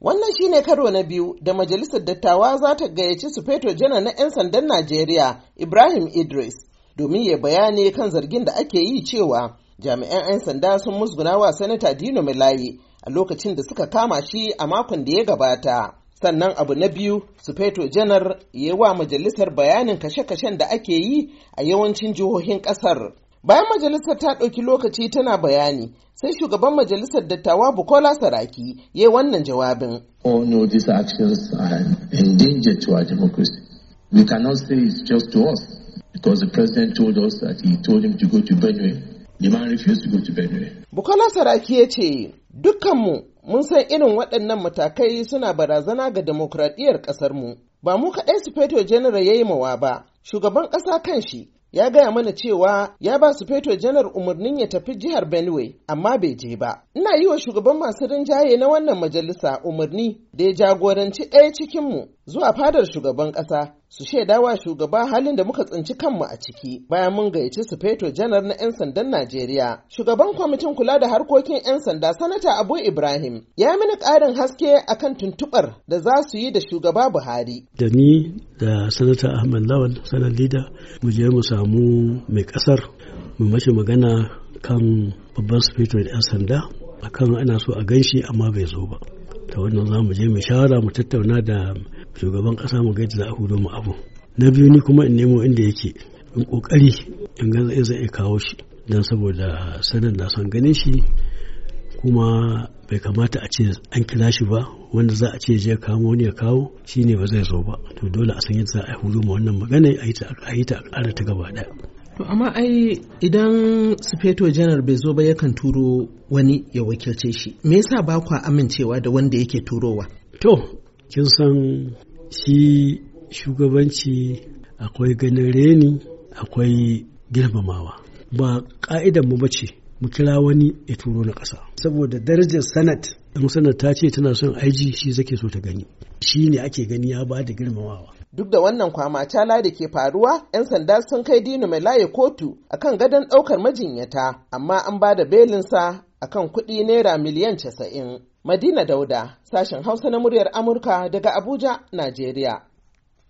Wannan shi ne karo na biyu da Majalisar Dattawa za ta gayyaci Sufeto Janar na 'yan sandan Najeriya Ibrahim Idris domin ya bayani kan zargin da ake yi cewa jami'an 'yan sanda sun musguna wa Sanata Dino Milayi a lokacin da suka kama shi a makon da ya gabata. Sannan abu na biyu, Sufeto Janar ya wa majalisar bayanin kashe-kashen da ake yi a yawancin jihohin ƙasar. Bayan majalisar ta ɗauki lokaci tana bayani, sai shugaban majalisar dattawa Bukola Saraki ya yi wannan jawabin. Bukola Saraki ya ce, dukkanmu mun san irin waɗannan matakai suna barazana ga demokradiyyar ƙasarmu. Ba mu kaɗai su feto janar ya yi mawa ba, shugaban ƙasa kan shi ya gaya mana cewa ya ba su feto janar umarnin ya tafi jihar Benue amma bai je ba. Ina yi wa shugaban masu rinjaye na wannan majalisa umarni da ya jagoranci ɗaya cikinmu zuwa fadar shugaban ƙasa su shaida wa shugaba halin da muka tsinci kanmu a ciki bayan mun gayyaci su feto janar na 'yan sandan Najeriya. Shugaban kwamitin kula da harkokin 'yan sanda sanata Abu Ibrahim ya mini ƙarin haske akan tuntuɓar da za su yi da shugaba Buhari. Da ni da sanata Ahmad Lawal sanar lida mu je mu samu mai ƙasar mu mashi magana kan babban feto da 'yan sanda akan ana so a ganshi amma bai zo ba. ta wannan za mu je mu shawara mu tattauna da shugaban kasa mu gaida za a hudo mu abu na biyu ni kuma in nemo inda yake in kokari in ga zai zai kawo shi dan saboda sanin na son ganin shi kuma bai kamata a ce an kira shi ba wanda za a ce je kamo ne ya kawo shi ne ba zai zo ba to dole a san yadda za a hudu mu wannan magana a yi ta a ƙara ta gaba ɗaya To amma ai idan sufeto janar bai zo ba yakan turo wani ya wakilce shi. Me yasa ba kwa amincewa da wanda yake turowa? To, kin san shi shugabanci akwai ganin reni akwai girmamawa. Ba ka'idan mu bace mu kira wani ya turo na ƙasa saboda darajar sanat ɗan sanat ta ce tana son aiji shi zake so ta gani shi ne ake gani ya ba da girmamawa duk da wannan kwama kwamacala da ke faruwa 'yan sanda sun kai dino mai laye kotu akan gadon ɗaukar majinyata amma an ba da belinsa akan kuɗi naira miliyan casa'in madina dauda sashen hausa na muryar amurka daga abuja najeriya